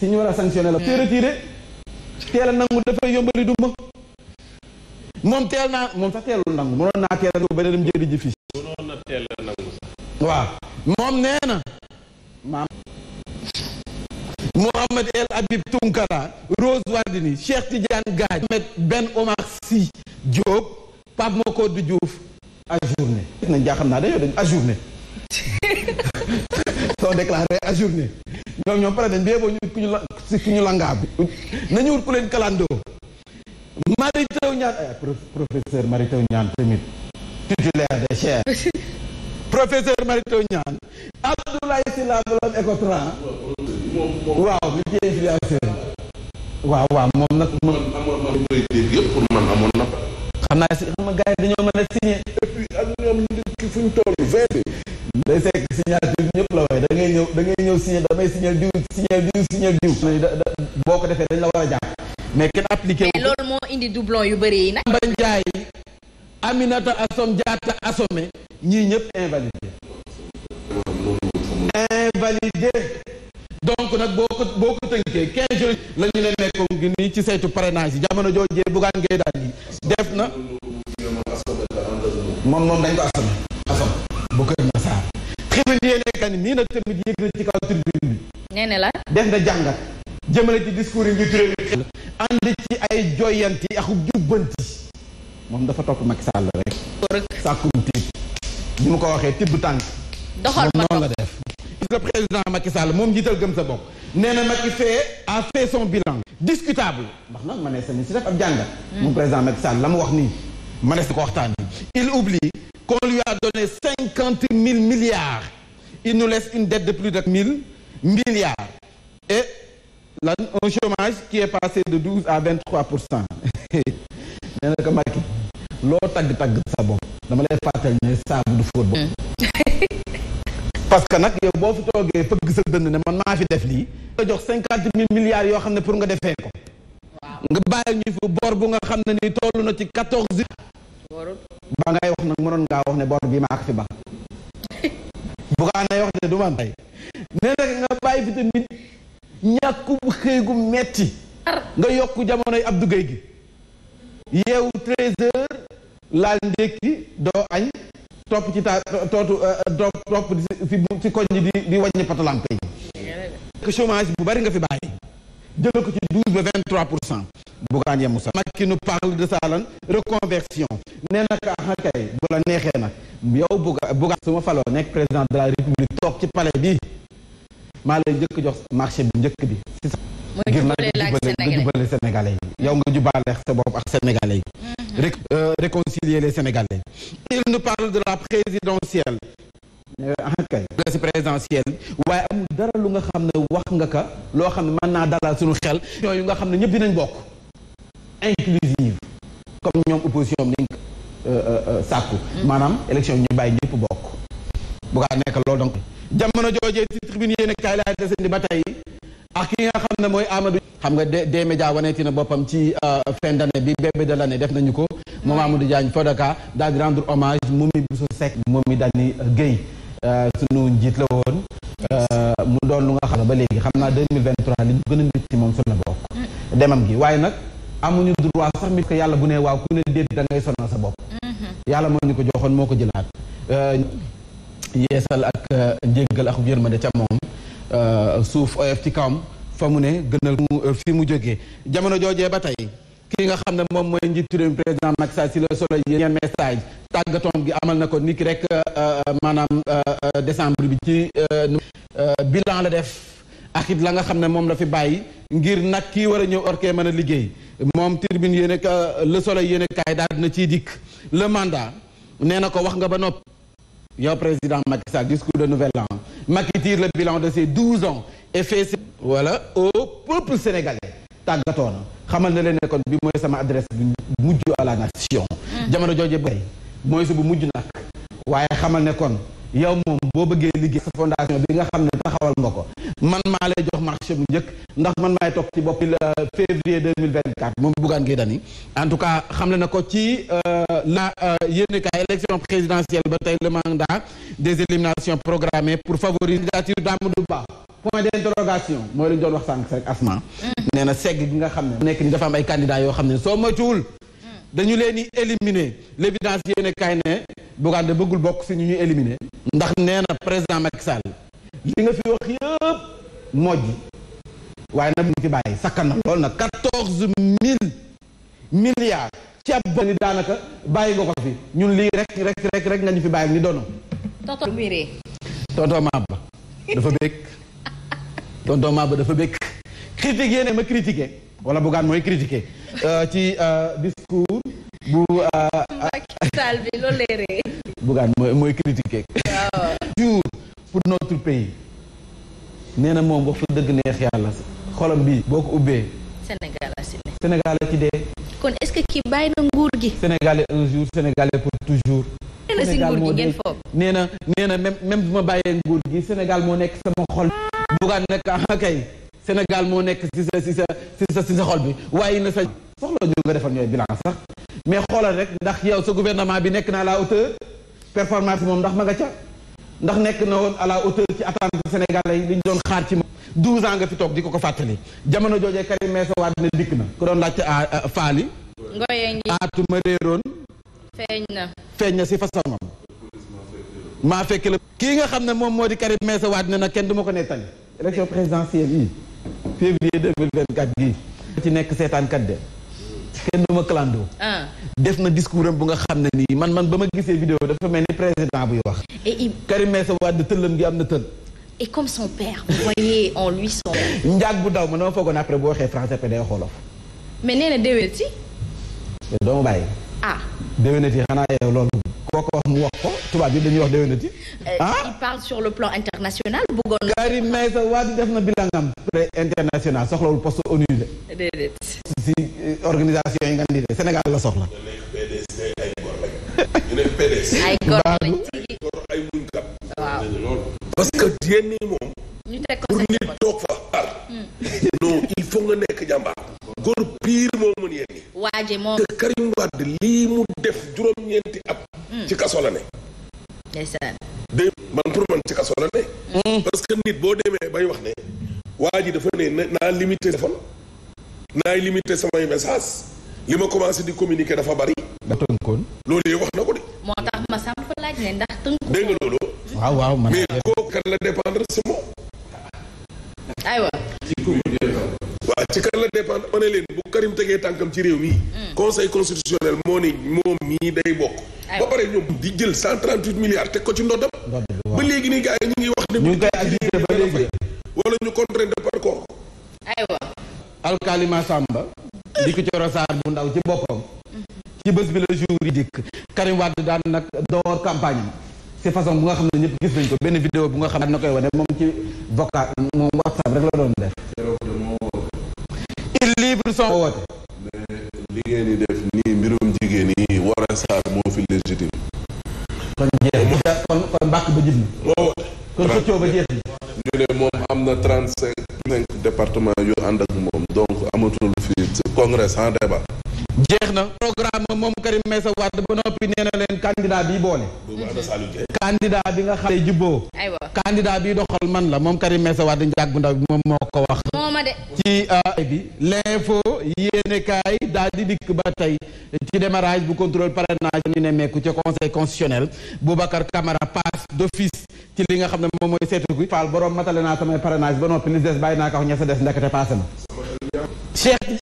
ci ñu war a sanctionné la mm. te retiré teel nangu dafay yombali du moom teel naa moom sax teelul nangu mënoon naa teel a ba dem jëli ji fii moom nee na El Habib Tunkara Rose Wardini Cheikh Tidiane Gaaj Ahmed Ben Omar Sy Diop Pape Makodou Diouf ajourné nañ jaa xam naa dañoo dañ ajourné sont déclarés ajournés ñoom ñoom pare nañ bee boo ñu ku ñu la si ku ñu langaa bi nañu wut ku leen kalandoo Mary Teuw Niane ay professeur Mary Teuw Niane tamit titulaire de chaire professeur Mary Teuw Niane Abdoulaye Sylla borom Ecotran waaw mi ci influenceur na xam naa si xam nga gars yi dañoo mën a ñëw da ñëw signal diw signal diw signal diw. boo ko defee dañ la war a jàpp mais kenn appliqué wu. mais loolu moo indi doublon yu bëri yi nag. Samba Ndiaye Aminata Assome Diatta Assome ñii ñëpp invalidé. invalidé. donc nag boo ko boo ko tënkee 15 jours la ñu leen nekkoon gi ci saytu parrainage yi jamono joojee bugaan ngay daal yi def na. moom moom dañ ko Assome Assome bu Kër Massar. xëy na yéen a ngi nii nag tamit yëg na ci kaw tribune bi. nee la. def na jàngat jëmale ci discours yi njiitu réew mi ay joyanti ak jubbanti moom dafa topp Macky Sall rek. rek sàkkum tiit mu ko waxee tibb tànk. doxal ba noonu la def. le président Macky Sall moom njiital gëm sa bopp nee na Macky fee a fait son bilan discutable ndax ma ne sa ni si def ab jàngat hmm. moom président Macky Sall la mu wax nii ma ne si ko waxtaan il oublie qu'on lui a donné cinquante mille milliards il nous une dette de plus de mille milliards et lan un chômage qui est passé de douze à vingt trois pour cent nee na ko loo tagg tagg sa bopp dama lay fàttali ne saabu du fóot hmm. parce que nag yow boo fi toogee fëgg sa dënd ne man maa fi def lii nga jox cinquante mille milliards yoo xam ne pour nga defee ko nga bàyyi ñu fi bor bu nga xam ne ni toll na ci quatorze ba ngay wax nag mënoon ngaa wax ne bor bii maa ko fi ba bu ko anay wax ne du man tey nee na nga bàyyi fi tamit bu xëy gu metti nga yokk jamonoy Abdou Gueye gi yeewu treize laal ndékki doo añ topp ci taa tootu euh, topp ci ci koñ di di wàññi patalampe yi chômage bu bari nga fi bàyyi jële ko ci douze ba vingt trois pour cent Bougane Moussa Macky nu parle de ça lan reconversion nee na ka ah, xakay bu la neexee nag yow Bougane Bougane su ma faloo nekk président de la république toog ci pale bi maa lay njëkk jox marché bi njëkk bi si sa ngir nag nga jubale sénégalais yi yow nga jubale sa bopp ak sénégalais yi mm-hmm. euh, réconcilier les sénégalais il nous parle de la présidentielle akay la si présidentielle waaye amul dara lu nga xam ne wax nga ka loo xam ne man naa dalal suñu xel ñooyu nga xam ne ñëpp nañ bokk inclusive comme ñoom opposition bi dañ euh, euh, sàkku mm-hmm. maanaam élection ñu bàyyi ñëpp bokk bu kaa nekk loolu donc jamono joojee ci tribune yéen kaay laay desandi ba tey ak ki nga xam ne mooy Amadou. xam nga des médias waneeti na boppam ci euh, fin d'année bi bébé de l'année def nañu ko moom Amadou Diagne Fodaka daal di rendre hommage Momy Bousso Seck Momy Dani euh, Guèye euh, sunu njiit la woon mu doon lu nga xam ba léegi xam naa 2023 li ñu gën a métti moom su la bokk mm. demam gi waaye nag amuñu droit sax mi ko yàlla bu ne waaw ku ne déet da ngay sa bopp mm-hmm. yàlla moo ñu ko joxoon moo ko jëlaat yeesal ak euh, njéggal ak yërmande ca moom euh, suuf oyof ci kawam fa mu ne gënal euh, fi mu jógee jamono joojee ba tey ki nga xam ne moom mooy njiitu réew mi président Macky Sall si la solo yeneen message tàggatoom gi amal na ko ki rek maanaam décembre bi ci bilan la def ak la nga xam ne moom la fi bàyyi ngir nag ki war a ñëw orkee mën a liggéey moom tribune yéen a le soleil yéen a kaay daal ciy dikk le mandat nee na ko wax nga ba nopp yow président Macky Sall discours de nouvel an Macky tire le bilan de ses douze ans et fait voilà au peuple sénégalais tàggatoo na xamal na leen ne kon bi mooy sama adresse bu mujj à la nation hmm. jamono jooje bay mooy su bu mujj nag waaye xamal ne kon moom boo bëggee liggéey sa fondation bi nga xam ne taxawal nga ko man maa lay jox marché bu njëkk ndax man maay toog ci bopp le février 2024 moom Bougane Gueye Dany en xam le na ko ci euh, Euh, la euh, yéene kaay élection présidentielle ba tey le mandat des éliminations programmées pour favoriser la candidature d'Amadou Ba point d'interrogation mooy lañ doon wax sànq rek asma mm. nee na segg gi nga xam ne mu nekk ni dafa am ay candidats yoo xam ne soo moytuwul mm. dañu leen di éliminer l'évidence yéene kaay ne Bougane de bëggul bokk si ñu ñuy éliminer ndax nee na président Macky Sall li nga fi wax yëpp mojj waaye nag mu ngi fi bàyyi sakkan na lool na quatorze mille milliard ci ab ni daanaka bàyyi nga fi ñun lii rek rek rek rek nga ñu fi bàyyi ni dono tonton Mbiré. tonton Maba dafa bëgg tonton ba dafa bëgg critique yéene ma critiqué wala bugaan mooy critiqué euh, ci euh, discours euh, mooy mooy critiqué. jour pour notre pays. nee na moom wax fa dëgg neex yàlla xolam bi boo ko ubbee. Sénégal a ci dee. kon est-ce que kii bàyyi na nguur gi. Sénégalais un jour Sénégalais pour toujours. nee na si nguur même même bu ma bàyyee nguur gi Sénégal moo nekk sama xol. bugaan nekk ah kay Sénégal moo nekk si sa si sa si sa si sa xol bi waaye na sa soxla ñu nga defal ñooy bilan sax mais xoolal rek ndax yow sa gouvernement bi nekk na à la hauteur performance moom ndax ma nga ca ndax nekk na woon à la hauteur ci attente Sénégalais yi li ñu doon xaar ci moom. 12 ans nga fi toog di ko ko fàttali jamono joojee Karim Meïssa Wade ne dikk na ko doon laajte a ah, ah, faali ngoyee ngi aatuma réeroon feeñ na feeñ na si façon maa fekk la kii nga xam ne moom moo di Karim Meïssa Wade ne nag kenn du ma ko nettali élection présidentielle yi février 2024 gii ci nekk seetaankat de kenn du ma clando ah. def na discours am bu nga xam ne nii man man ba ma gisee vidéo dafa mel ni président buy wax Karim Meïssa Wade tëllam gi am na tël et comme son père. vous en lui son. njaag bu daw ma dama foogoon après boo waxee français pe day xoolof. mais nee na déwéniti. doo ma bàyyi. ah xanaa yow loolu. koo ko wax mu wax ko tubaab yi dañuy wax déwéniti. Euh, ah il parle sur le plan international bëggoon. Karim Meïssa Wade def na bilangam. pré international soxlawul poste ONU de. déedéet. si euh, organisation yi nga nii de Sénégal la soxla. danger moom. lii mu def juróom-ñeenti at. Hmm. ci kaso la ne. ndeysaan. day man pour man ci kaso la ne. Hmm. parce que nit boo demee bay wax ne. waa ji dafa ne naa limité téléphone. naay limité samay message li ma commencé di communiquer dafa bari. ba tënkoon. loolu yëpp wax na ko de. moo tax ma sàmm laaj ne ndax tënkoon. dégg loolu. waaw waaw mais kooku kan la dépendre tegee tànkam ci réew mi. Mm. conseil constitutionnel moo ni moom mii day bokk. ba pare ñoom di jël cent trente huit milliards teg ko ci ndoddam. ba léegi nii gars yi ñu ngi wax ne. ñu ngi koy agité ba léegi. wala ñu contrainte de par corps. aywa. alkalima bu ndaw ci boppam. Mm-hmm. ci bés bi la juridique Karim Wade daan nag door campagne am ci façon bu nga xam ne ñëpp gis nañ ko benn vidéo bu nga xam ne daan na koy wane moom ci vocal moom WhatsApp rek la doon cinq département yu ànd ak moom donc amatul fii congrès sans débat jeex na programme moom Karim Meïssa ba noppi nee leen candidat bi boole candidat bi nga xam ne jubboo candidat bi doxal man la moom Karim Meïssa Wade njàggu ndaw bi moom moo ko wax ci euh, bi l'info yéenekaay daal di dikk ba tey ci démarrage bu contrôle parrainage ni meeku ca conseil constitutionnel Boubacar Camara passe d'office ci li nga xam ne moom mooy seetu gi Fall borom matale naa samay parrainage ba noppi des bàyyi naa ko wax sa des ndekete paase na